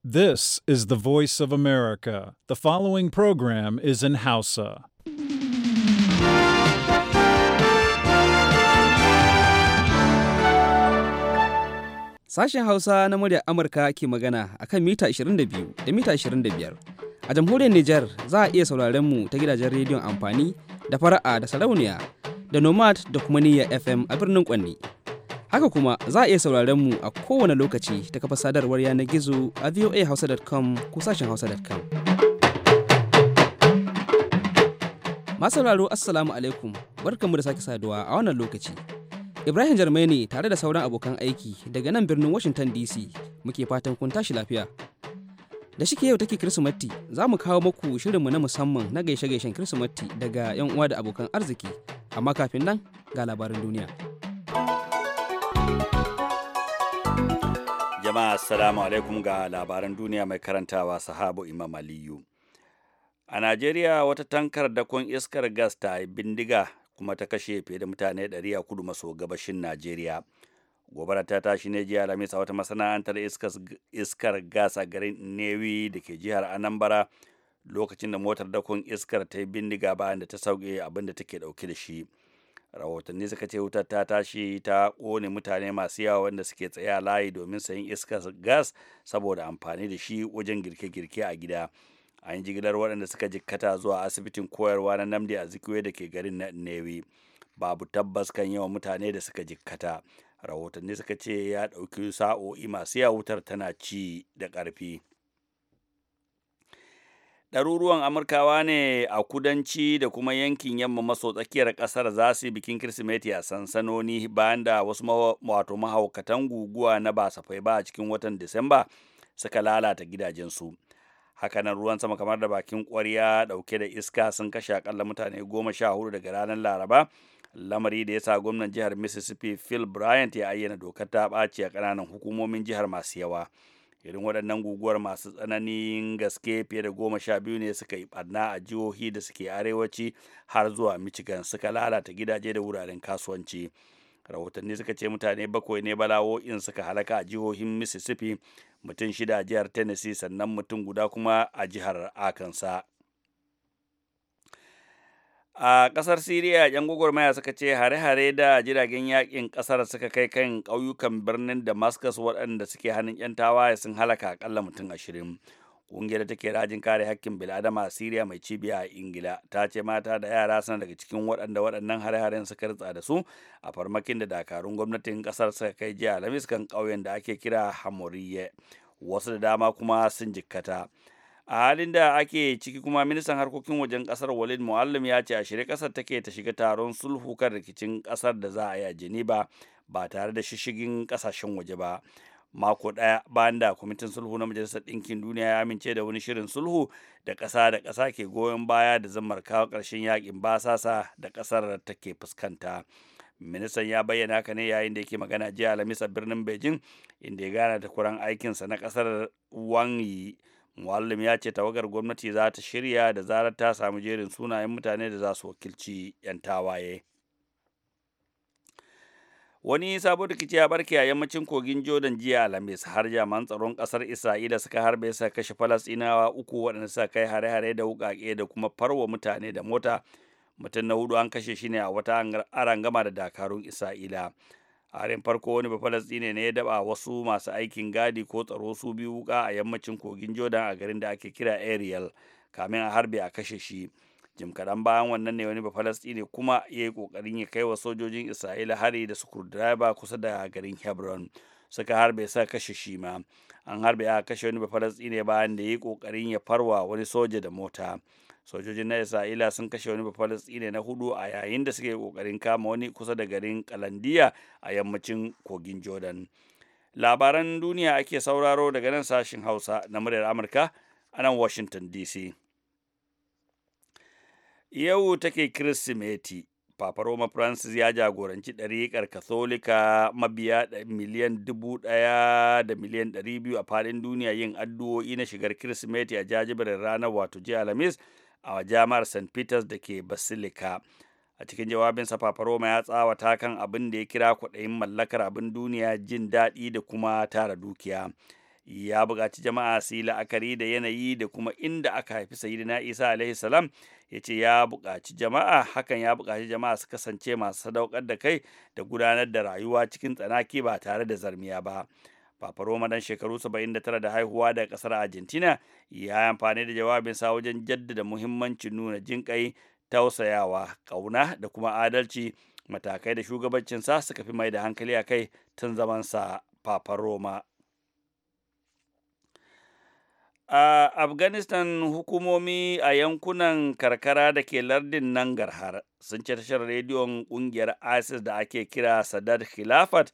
This is the voice of America. The following program is in Hausa. Sashen Hausa na muryar Amurka ke magana akan mita 22 da mita 25. A jamhuriyar Nijar za a iya sauraren mu ta gidajen rediyon amfani da fara'a da sarauniya da nomad da kuma niyya FM a birnin Kwanni. Haka kuma za a iya sauraren mu a kowane lokaci ta kafa sadarwar yanar gizo a voahausa.com ko sashen hausa.com. Masu sauraro Assalamu alaikum, barkanmu da sake saduwa a wannan lokaci. Ibrahim Jarmai ne tare da sauran abokan aiki daga nan birnin Washington DC muke fatan kun tashi lafiya. Da shike yau take Kirsimati, za mu kawo muku shirinmu na musamman na gaishe-gaishen Kirsimati daga 'yan uwa da abokan arziki, amma kafin nan ga labarin duniya. jama'a assalamu alaikum ga labaran duniya mai karantawa sahabu imam aliyu a najeriya wata tankar dakon iskar gas ta bindiga kuma ta kashe fiye da mutane 100 a kudu maso gabashin najeriya gobara ta tashi ne jiya alhamis a wata masana'antar iskar gas a garin newi da ke jihar anambra lokacin da motar dakon iskar ta yi bindiga bayan da ta sauke abin da take dauke da shi rahotanni suka ce wutar ta tashi ta kone mutane masu yawa wanda suke tsaya layi domin sayin iskar gas saboda amfani da shi wajen girke-girke a gida an yi jigilar waɗanda suka jikkata zuwa asibitin koyarwa na namdi a zikiwe da ke garin na newi babu tabbas kan yawan mutane da suka jikkata rahotanni suka ce ya ɗauki sa'o'i masu yawa wutar tana ci da ƙarfi ɗaruruwan amurkawa ne a kudanci da kuma yankin yamma maso tsakiyar ƙasar za su yi bikin kirsimeti a sansanoni bayan da wasu wato mahaukatan guguwa na basafai ba a cikin watan disamba suka lalata gidajensu hakanan ruwan sama kamar da bakin ƙwarya ɗauke da iska sun kashe akalla mutane goma sha hudu daga ranar laraba lamari da ya sa gwamnan jihar mississippi phil bryant ya ayyana dokar ta ɓaci a ƙananan hukumomin jihar masu yawa irin waɗannan guguwar masu tsananin gaske fiye da goma sha biyu ne suka yi barna a jihohi da suke arewaci har zuwa michigan suka lalata gidaje da wuraren kasuwanci rahotanni suka ce mutane bakwai ne bala'o'in suka halaka a jihohin mississippi mutum shida a jihar tennessee sannan mutum guda kuma a jihar arkansas a ƙasar siriya yan gwagwarmaya suka ce hare-hare da jiragen yaƙin ƙasar suka kai kan ƙauyukan birnin damascus waɗanda suke hannun 'yan tawaye sun halaka akalla mutum ashirin ƙungiyar da take rajin kare hakkin biladama a siriya mai cibiya a ingila ta ce mata da yara suna daga cikin waɗanda waɗannan hare-haren suka ritsa da su a farmakin da dakarun gwamnatin ƙasar suka kai jiya lamis kan ƙauyen da ake kira hamoriye wasu da dama kuma sun jikkata a halin da ake ciki kuma ministan harkokin wajen kasar walid muallim ya ce a shirye kasar take ta shiga taron sulhu kan rikicin kasar da za a yi a geneva ba tare da shishigin kasashen waje ba mako daya bayan da kwamitin sulhu na majalisar ɗinkin duniya ya amince da wani shirin sulhu da ƙasa da ƙasa ke goyon baya da zammar kawo ƙarshen yakin basasa da ƙasar take fuskanta ministan ya bayyana ka ne yayin da yake magana jiya alamisa birnin beijing inda ya gana da kuran aikinsa na ƙasar wang muallim ya ce tawagar gwamnati za ta shirya da zarar ta samu jerin sunayen mutane da za su wakilci 'yan tawaye wani sabon rikici ya barke a yammacin kogin jordan jiya alhamis har jaman tsaron kasar isra'ila suka harbe sa kashe falasinawa uku waɗanda suka kai hare-hare da wukake da kuma farwa mutane da mota mutum na hudu an kashe shi ne a wata arangama da dakarun isra'ila harin farko wani bafalastine ne ya daba wasu masu aikin gadi ko tsaro su biyu wuka a yammacin kogin jordan a garin da ake kira ariel kamin a harbe a kashe shi jim kaɗan bayan wannan ne wani bafalastine kuma ya yi ƙoƙarin ya kai wa sojojin isra'ila hari da sukurdireba kusa da garin hebron suka harbe sa kashe shi ma an harbe a kashe wani bafalastine bayan da ya yi ƙoƙarin ya farwa wani soja da mota sojojin na isra'ila sun kashe wani bafalastine na hudu a yayin da suke kokarin kama wani kusa da garin kalandiya a yammacin kogin jordan labaran duniya ake sauraro daga nan sashin hausa na muryar amurka a nan washington dc yau take kirsimeti Papa Roma Francis ya jagoranci ɗariƙar Katolika mabiya miliyan dubu ɗaya da miliyan ɗari biyu a faɗin duniya yin addu'o'i na shigar Kirsimeti a jajibirin ranar wato jiya Alhamis a jami'ar st peters da ke basilika a cikin jawabinsa roma ya tsawata kan abin da ya kira kwaɗayin mallakar abin duniya jin daɗi da kuma tara dukiya ya buƙaci jama'a su yi la'akari da yanayi da kuma inda aka haifi sayyidina isa alaihi salam ya ce ya buƙaci jama'a hakan ya buƙaci jama'a su kasance masu sadaukar da kai da gudanar da rayuwa cikin tsanaki ba tare da zarmiya ba Papa Roma dan shekaru 79 da haihuwa daga kasar Argentina ya yi amfani da jawabinsa wajen jaddada muhimmancin nuna jinƙai, tausayawa, ƙauna da kuma adalci matakai da shugabancinsa suka fi mai da hankali a kai tun zamansa Papa Roma. A Afghanistan hukumomi a yankunan karkara da ke lardin Nangarhar sun ce tashar rediyon ƙungiyar ISIS da ake kira Sadat Khilafat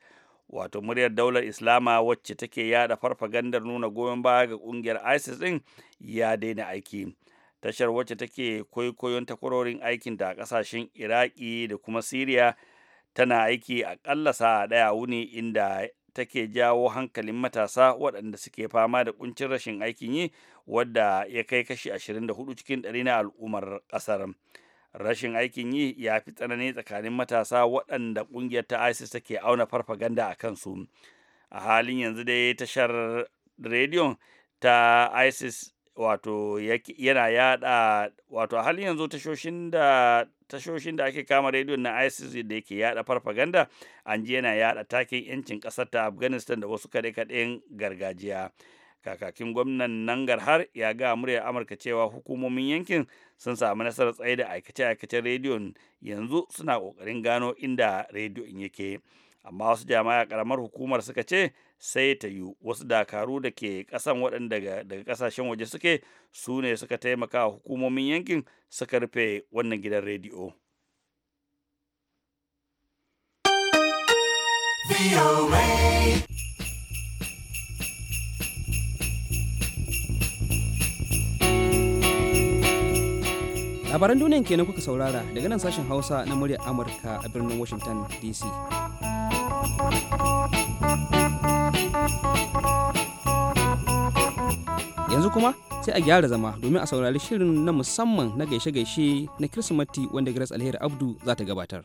wato muryar daular islama wacce take yada farfagandar nuna goyon baya ga kungiyar isis din ya daina aiki tashar wacce take kwaikwayon takwarorin aikin da kasashen iraki da kuma siriya tana aiki akalla sa'a daya wuni inda take jawo hankalin matasa waɗanda suke fama da kuncin rashin aikin yi wadda ya kai kashi 24 cikin ɗari na al'ummar ƙasar. rashin aikin yi ya fi tsanani tsakanin matasa waɗanda ƙungiyar ta isis take auna farfaganda a kansu a halin yanzu dai tashar rediyon ta isis wato yana yada wato a halin yanzu tashoshin da ake kama rediyon na isis da yake yada farfaganda an ji yana yada takin yancin ƙasar ta afghanistan da wasu kaɗe-kaɗen gargajiya kakakin gwamnan nangar har ya ga muryar amurka cewa hukumomin yankin sun samu nasarar tsaye da aikace-aikacen rediyon yanzu suna kokarin gano inda rediyon yake amma wasu jama'a karamar hukumar suka ce sai ta yi wasu dakaru da ke kasan waɗanda daga kasashen waje suke su ne suka taimaka hukumomin yankin suka rufe wannan gidan rediyo. labaran duniyan kenan kuka saurara daga nan sashen hausa na muryar amurka a birnin washington dc yanzu kuma sai a gyara zama domin a saurari shirin na musamman na gaishe-gaishe na kirsimati wanda grace alheri abdu za ta gabatar.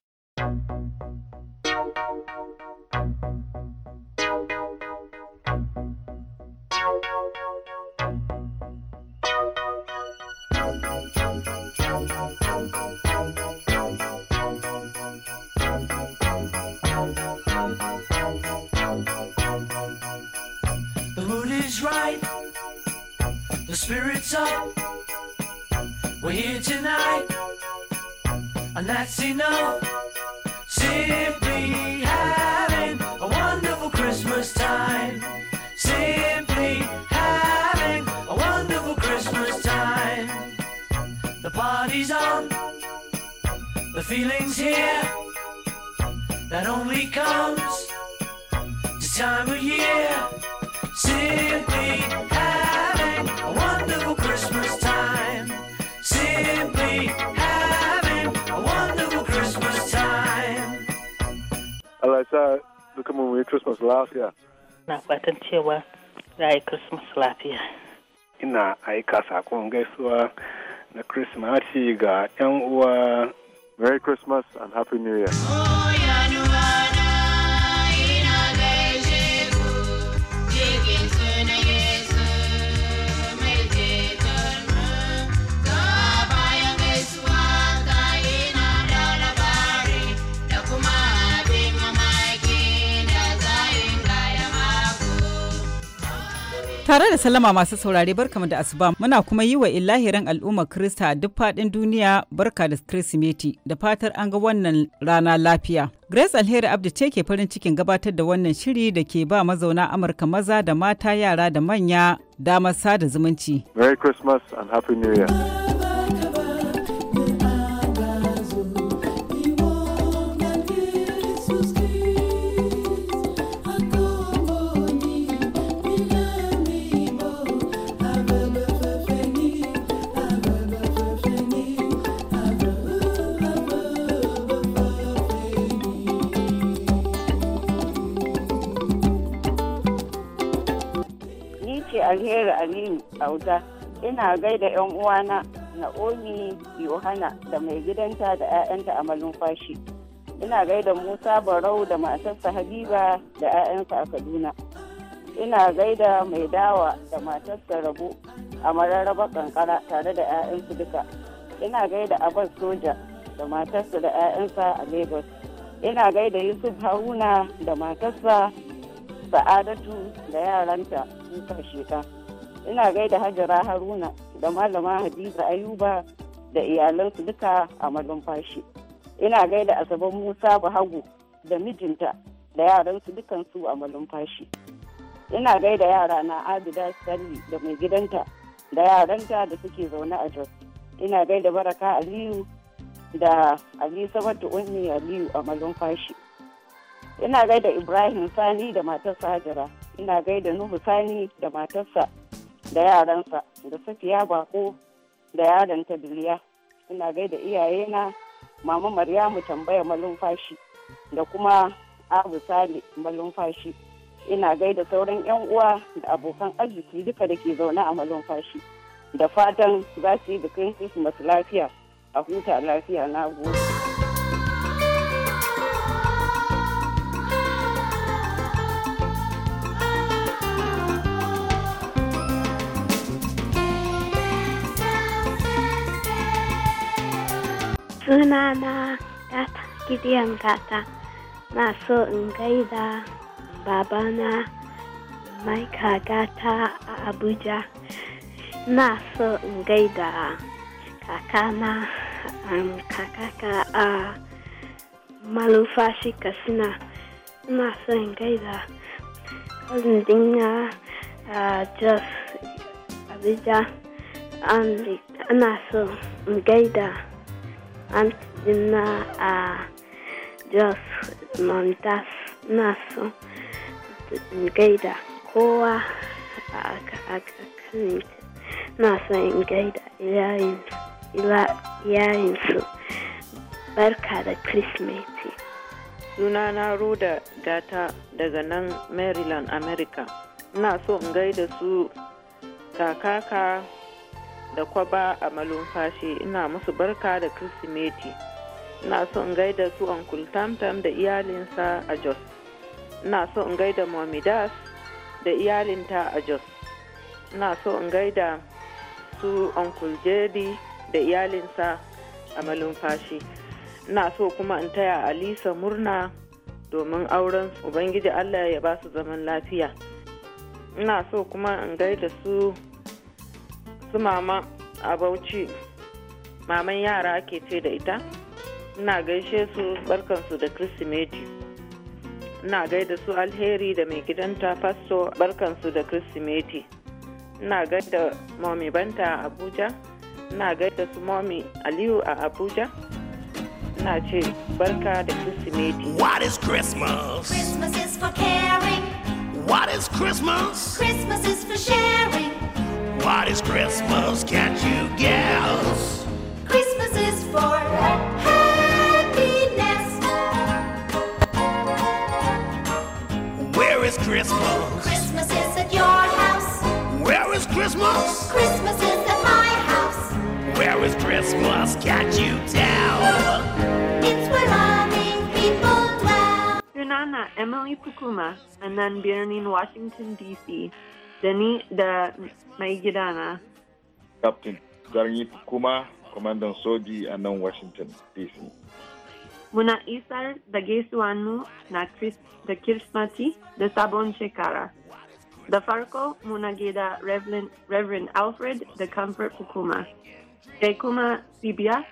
right. The spirit's up. We're here tonight. And that's enough. Simply having a wonderful Christmas time. Simply having a wonderful Christmas time. The party's on. The feeling's here. That only comes this time of year. Simply having a wonderful Christmas time. Simply having a wonderful Christmas time. Hello, sir. Look at when we Christmas last year. Na fatan cewa za a yi Christmas lafiya. Ina aika sakon gaisuwa na Christmas ga 'yan uwa. Merry Christmas and Happy New Year. Tare da sallama masu saurare barkamu da asuba muna kuma yi wa ilahirin al'ummar Krista a duk faɗin duniya barka da Kirsimeti da fatar an ga wannan rana lafiya. Grace Alheri Abdi ce ke farin cikin gabatar da wannan shiri da ke ba mazauna Amurka maza da mata yara da manya damar sada zumunci. Merry Christmas and Happy New Year. ina gaida yan uwana na'omi yohana da mai gidanta da 'ya'yanta a malumfashi ina gaida musa barau da matarsa habiba da 'ya'yansa a kaduna ina gaida mai dawa da matarsa rabu a mararraba kankara tare da 'ya'yansu duka ina gaida abbas soja da matarsa da 'ya'yansa a lagos ina gaida yusuf haruna da matarsa sa'adatu da yaranta sun shekara ina gaida hajara haruna da malama hadiza ayuba da iyalansu duka a malumfashi ina gaida Asabar musa bahagu da mijinta da yaransu dukansu a malumfashi ina gaida yara na abida sarri da mai gidanta da yaranta da suke zaune a jos ina gaida baraka aliyu da ali sabatu ummi aliyu a malumfashi ina gaida ibrahim sani da matarsa hajara ina gaida nuhu sani da matarsa da yaransa da safiya bako da yaron ta duniya ina gaida iyayena mama maryamu tambaya malumfashi da kuma abu sale malumfashi ina gaida sauran yan uwa da abokan arziki duka da ke zaune a malumfashi da fatan za su yi bikin christmas lafiya a huta lafiya na gobe sunana yata gideon gata na so in gaida babana maika gata a abuja na so in gaida kakana um, kakaka a malufashi kasina na so in gaida cousin a jos abuja ana so in gaida antes a Jos Montas in gaida kowa a kan na son gaida iyayensu barka da krismeti suna na ruda data daga nan maryland america ina so in gaida su kakaka da kwaba a malumfashi ina musu barka da kirsimeti ina so in gaida su uncle tamtam da iyalinsa a jos ina so in gaida momidas da iyalinta a jos ina so in gaida su uncle jedi da iyalinsa a malumfashi ina so kuma in taya alisa murna domin auren ubangiji allah ya ba su zaman lafiya ina so kuma in gaida su su mama a bauchi maman yara ake ce da ita ina gaishe su barkansu da kirsimeti ina gaida su alheri da mai gidanta fasto barkansu da kirsimeti ina gaida momi banta a abuja ina gaida su momi aliyu a abuja ina ce barka da kirsimeti what is christmas christmas is for caring what is christmas christmas is for sharing What is Christmas? Can't you guess? Christmas is for happiness. Where is Christmas? Christmas is at your house. Where is Christmas? Christmas is at my house. Where is Christmas? Can't you tell? It's where loving people dwell. Your Nana, Emily Pukuma, and then Biernin, Washington, D.C. da ni da mai gidana. Captain Garni kuma kwamandan soji a nan Washington DC. Muna isar da gaisuwanmu na da kirsmati da sabon shekara. Da farko muna gida Reverend, Reverend Alfred da Comfort Hukuma. Sai kuma Sibiya,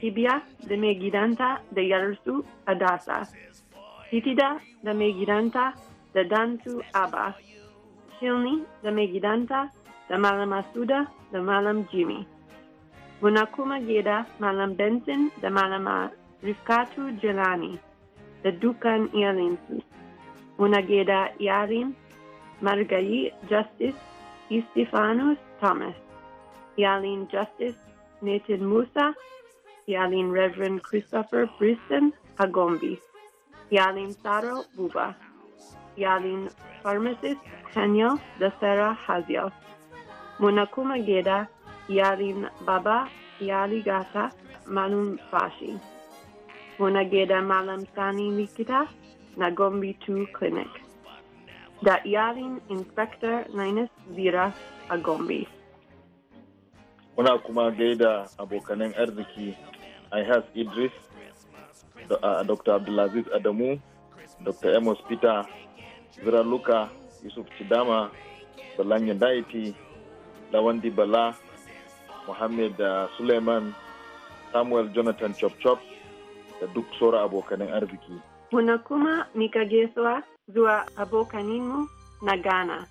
Sibiya da mai gidanta da yarsu Adasa. Titida da mai gidanta da Dantu Abba. Silni, the Megidanta, the Malam Asuda, the Malam Jimmy. Munakuma Geda, Malam Benson, the Malama Rifkatu Jelani, the Dukan Ialinsu. Munageda Yarin, Margali Justice, Istifanus Thomas. Yalin Justice, Nathan Musa. Yalin Reverend Christopher Briston Agombi. Yalin Saro Buba. Yalin Pharmacist Hanya Dasera Hazia. Munakuma Geda Yalin Baba Yaligata Malum Fashi. Munageda Malam Sani Nikita Nagombi 2 Clinic. Da Yalin Inspector Nines Zira Agombi. Muna kuma Abokaneng abokanan I have Idris, uh, Dr. Abdulaziz Adamu, Dr. Amos Peter Zira Luka, Yusuf Chidama, Balan daiti Lawandi Bala, Muhammad eh, Suleiman, Samuel Jonathan Chop Chop da duk sauran abokanin arziki. Muna kuma mika Geswa, zuwa abokaninmu na Ghana,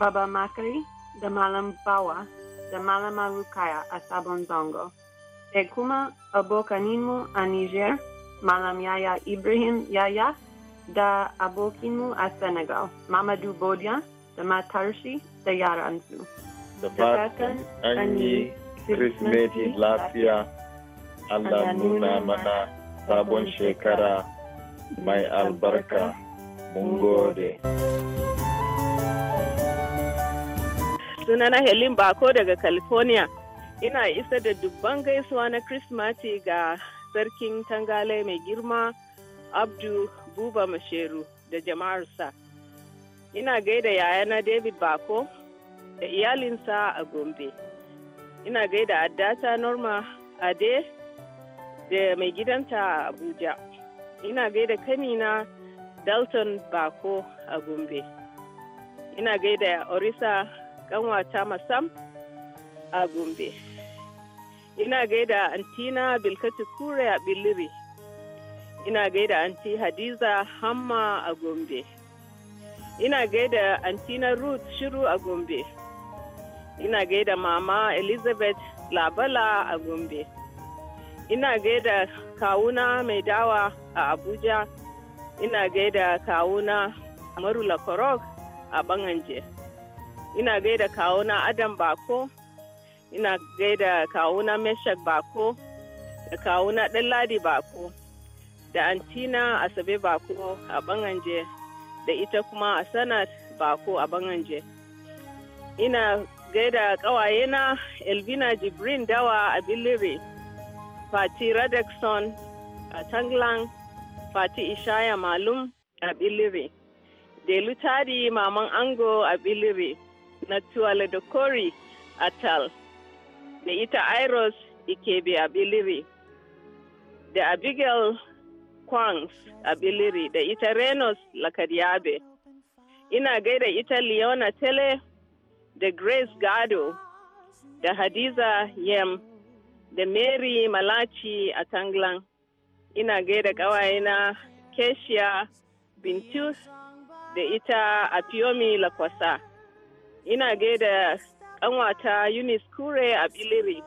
Baba Makari da Malam Bawa da Malama Rukaya a Sabon Zango. Da kuma abokaninmu a Niger, Malam Yaya Ibrahim Yaya da abokinmu a Senegal, Mamadou Bodian da matarshi da yaransu. Da fatan an yi Kirsimeti lafiya, Allah nuna mana sabon shekara mai albarka. Mun gode. Sunana Helin Bako daga California. Ina isa da dubban gaisuwa na Kirsimati ga sarkin tangale mai girma Abdu buba masheru da jama'arsa ina gaida yayana david bako da iyalinsa a gombe ina gaida addata norma ade da mai gidanta a abuja ina gaida kanina dalton bako a gombe ina gaida orisa kanwata masam a gombe ina gaida antina bilkatu kure a biliri ina gaida anti hadiza hamma a gombe ina gaida antina ruth shiru a gombe ina gaida mama elizabeth labala a gombe ina gaida kawuna mai dawa a abuja ina gaida kawuna marula korok a banganje ina gaida kawuna adam bako ina gaida kawuna meshak bako da kawuna ɗanladi bako da antina asabe bako a banganje da ita kuma a sanat bako a banganje ina gaida ƙawayena elvina jibrin dawa a bilire fati radekson a tanglan fati ishaya malum a bilire delu tari maman ango a bilire na tuwale da kori a tal da ita iros ikebe a bilire da abigail Kwangs a Biliri da ita Renos Lakadiabe. Ina gaida ita Leona Tele da Grace Gado da Hadiza Yem da Mary Malachi a Tanglan. Ina gaida ƙawayena keshia bintus da ita Apiomi Lakwasa. Ina gaida ƙanwata Eunice Kure a Biliri.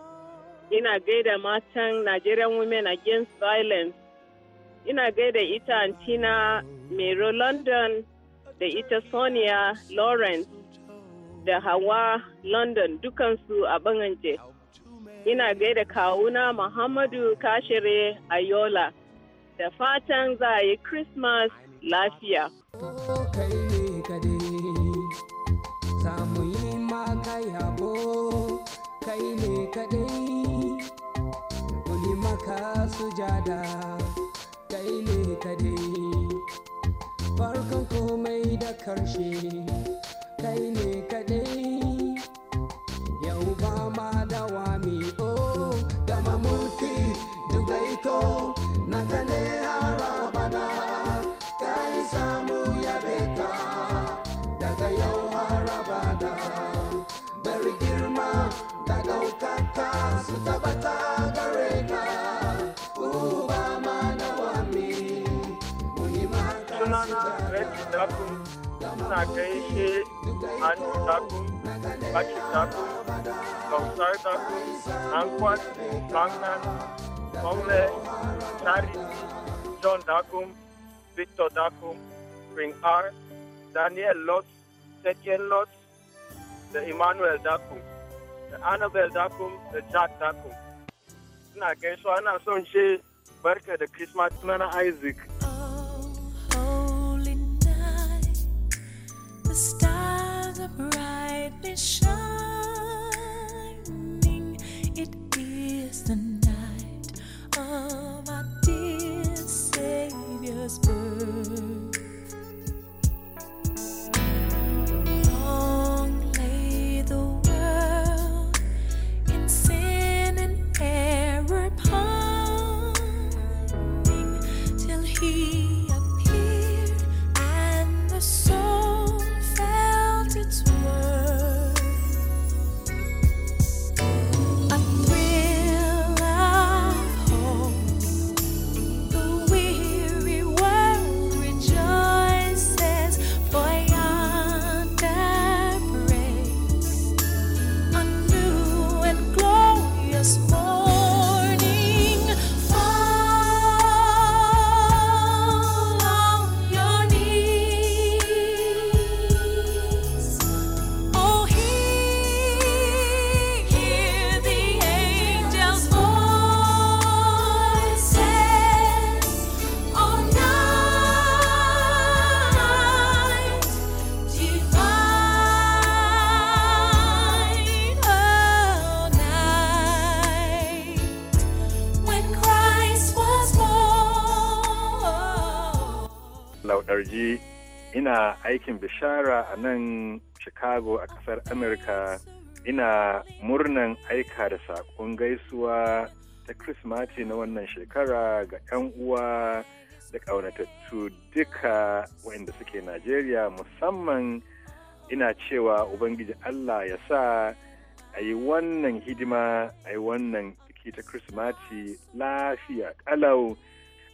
Ina gaida matan Nigerian Women Against Violence ina gaida ita antina Mero London da ita Sonia Lawrence da Hawa London dukansu a Banganje. Ina gaida kawuna Muhammadu Kashire Ayola da fatan za a yi Christmas lafiya. kai ne kuli maka sujada. kade farkon komai da karshe kai ne kaɗai Kota, Ankwat, Langnan, Ongle, Charity, John Dakum, Victor Dakum, Spring R, Daniel Lotz, Setien Lotz, the Emmanuel Dakum, the Annabel Dakum, the Jack Dakum. Na gaisuwa ana son ce barka da Christmas na Isaac. Oh, holy night, the stars are brightly shining. shara a nan Chicago a ƙasar Amurka ina murnan aika da saƙon gaisuwa ta Kirsimati na wannan shekara ga 'yan uwa da ƙaunatattu duka waɗanda suke Najeriya musamman ina cewa Ubangiji Allah ya sa a yi wannan hidima a yi wannan biki ta Kirsimati lafiya ƙalau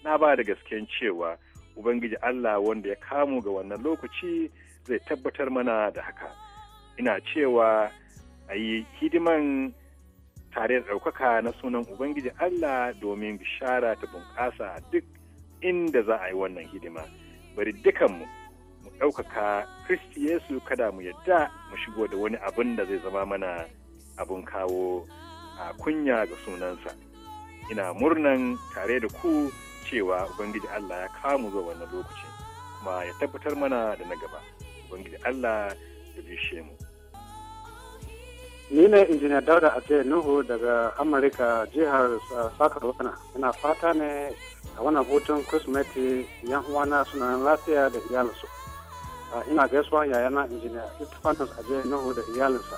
na ba da gasken cewa Ubangiji Allah wanda ya kamu ga wannan lokaci zai tabbatar mana da haka ina cewa a yi hidiman tare da ɗaukaka na sunan ubangiji allah domin bishara ta bunƙasa duk inda za a yi wannan hidima bari dukanmu mu ɗaukaka kristi yesu kada mu yadda mu shigo da wani abin da zai zama mana abin kawo a kunya ga sunansa ina murnan tare da ku cewa ubangiji allah ya kamu zuwa wannan lokaci kuma ya tabbatar mana da na gaba. ubangiji Allah ya bishe mu ni ne injiniya dauda a nuhu daga amurka jihar Wana. ina fata ne a wannan hutun kirsimeti yan uwana suna lafiya da iyalinsu ina gaisuwa yayana injiniya istifanus a nuhu da iyalinsa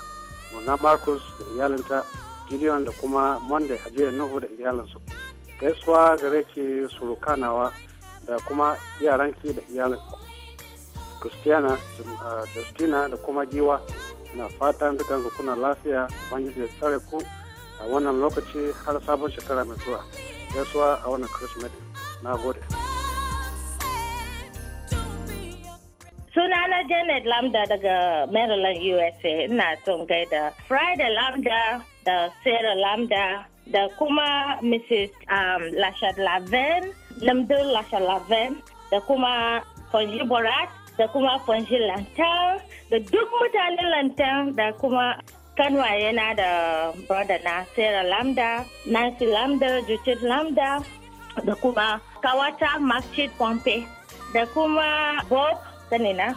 mona marcus da iyalinta gideon da kuma monday a nuhu da iyalinsu gaisuwa gare ki surukanawa da kuma yaranki da iyalinsu kristiana uh, Justina da kuma Giwa na fatan dukan kuna lafiya Ubangiji ya tsare ku a wannan lokaci har sabon shekara mai zuwa gaisuwa a wannan Christmas na gode. na Janet Lambda daga Maryland, USA. Ina son gaida Friday Lambda da Sarah Lambda da kuma Mrs. Um, Lashad Laven, lambda Lashad Laven da kuma Konji Borat da kuma fonshin lantar da duk mutanen lantar da kuma kanwa yana da brother na sarah lambda nancy lambda judith lambda da kuma kawata masjid pompe da kuma bob sanina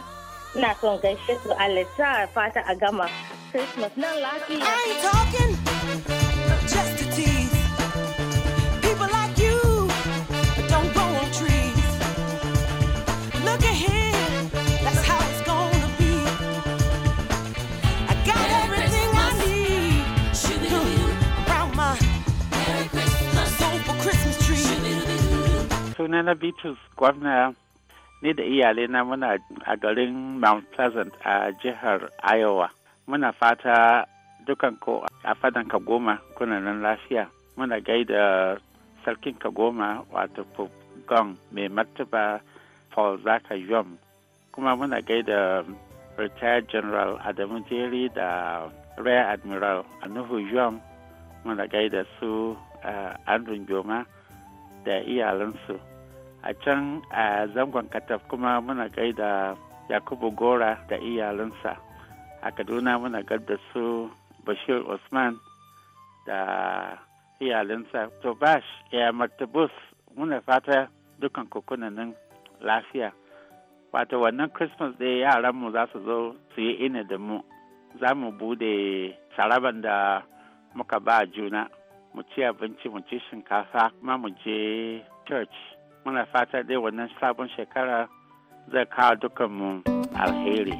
na son gaishe su alisa fata a gama christmas nan lafiya Suna na Bitrus gwamna ne da iyalai na muna a garin Mount Pleasant a jihar Iowa. Muna fata dukan ko a fadan Kagoma kuna nan lafiya. Muna gaida sarkin Kagoma wato Pope Gong mai martaba Paul Zaka Yom. Kuma muna gaida retired general Adamu Jeri da Rear Admiral Anuhu Yom. Muna gaida su eh, Andrew Joma. da iyalansu a can a zangon kataf kuma muna gaida yakubu gora da iyalansa a kaduna muna gaida su bashir usman da iyalinsa to bash ya martabus muna fata dukan kukunanin lafiya wato wannan christmas yaran yaranmu za su zo su yi ina da mu za mu bude saraban da muka ba juna mu ci abinci mu ci shinkafa kuma mu je church muna fata dai wannan sabon shekara zai kawo dukanmu alheri.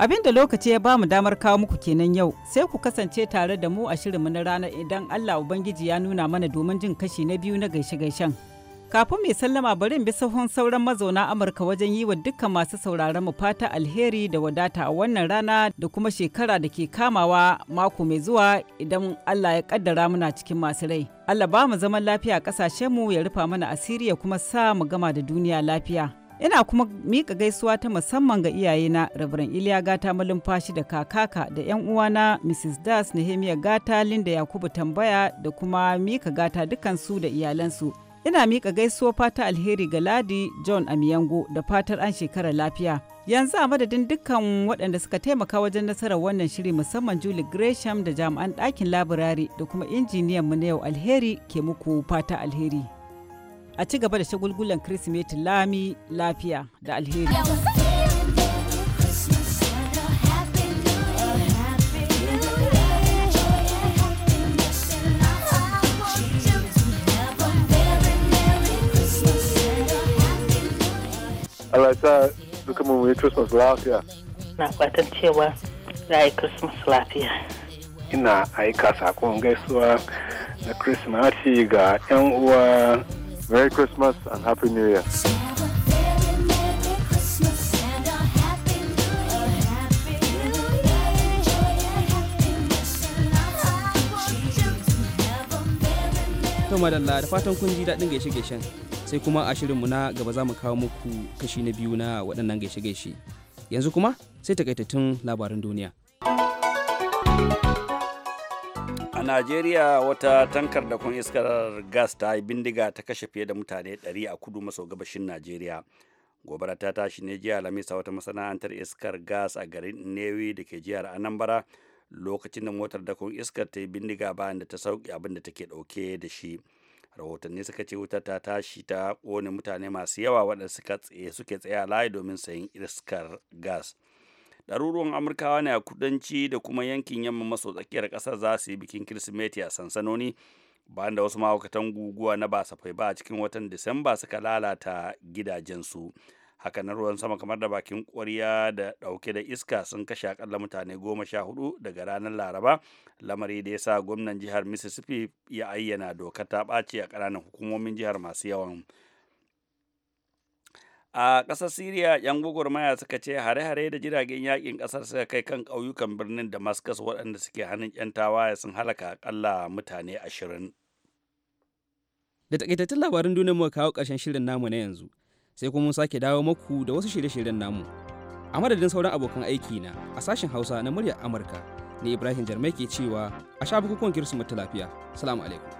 Abin da lokaci ya ba mu damar kawo muku kenan yau sai ku kasance tare da mu a shirinmu na rana idan Allah Ubangiji ya nuna mana domin jin kashi na biyu na gaishe-gaishen. Kafin mai sallama bari in bi sahun sauran mazauna Amurka wajen yi wa dukkan masu sauraron mu fata alheri da wadata a wannan rana da kuma shekara da ke kamawa mako mai zuwa idan Allah ya kaddara muna cikin masu rai. Allah ba mu zaman lafiya kasashen mu ya rufa mana asiri ya kuma sa mu gama da duniya lafiya. Ina kuma miƙa gaisuwa ta musamman ga iyayena Reverend Iliya Gata Malumfashi da kakaka da 'yan uwana Mrs. Das Nehemiya Gata Linda Yakubu Tambaya da kuma Mika Gata dukansu da iyalansu. Ina miƙa gaisuwa fata alheri ga Ladi John Amiyango da fatar an shekara lafiya. Yanzu a madadin dukkan waɗanda suka taimaka wajen nasarar wannan shiri musamman juli Gresham da jami'an ɗakin labirari da kuma injiniyan mu na yau alheri ke muku fata alheri. a ci gaba da shagulgulan Kirsimeti lami lafiya da alheri. Allah sa duka mu yi Christmas lafiya. Na fatan cewa za a yi Christmas lafiya. Ina aika sakon gaisuwa na Christmas ga 'yan uwa Merry Christmas and Happy New Year. To madalla da fatan kun ji daɗin gaishe-gaishen sai kuma a shirinmu na gaba za mu kawo muku kashi na biyu na waɗannan gaishe-gaishe. Yanzu kuma sai takaitattun labarin duniya. Najeriya wata tankar da kun iskar gas ta yi bindiga ta kashe fiye da mutane 100 a kudu maso gabashin Najeriya. Gobara ta tashi ne jiya Lamisa wata masana'antar iskar gas a garin Newi da ke jihar Anambra lokacin da motar dakon iskar ta yi bindiga bayan da ta sauki abin da take ɗauke da shi. Rahotanni suka ce wutar ta tashi ta kone mutane masu yawa waɗanda suke tsaye a layi domin sayan iskar gas. ɗaruruwan amurkawa ne a kudanci da kuma yankin yamma maso tsakiyar ƙasar za su yi bikin kirsimeti a sansanoni bayan da wasu mahaukatan guguwa na basafai ba a cikin watan disamba suka lalata gidajensu na ruwan sama kamar da bakin kwarya da ɗauke da iska sun kashe akalla mutane goma sha hudu daga ranar laraba lamari da ya sa gwamnan jihar mississippi ya ayyana dokar ta ɓace a ƙananan hukumomin jihar masu yawan A ƙasar Siriya, 'yan gwagwarmaya suka ce hare-hare da jiragen yakin ƙasar suka kai kan ƙauyukan birnin Damascus waɗanda suke hannun 'yan tawaye sun halaka akalla mutane ashirin. Da takaitattun labarin duniya muka kawo ƙarshen shirin namu na yanzu, sai kuma mun sake dawo maku da wasu shirye-shiryen namu. A madadin sauran abokan aiki na a sashen Hausa na muryar Amurka, ne Ibrahim Jarmai ke cewa a sha bukukuwan Kirsimeti lafiya. Salamu alaikum.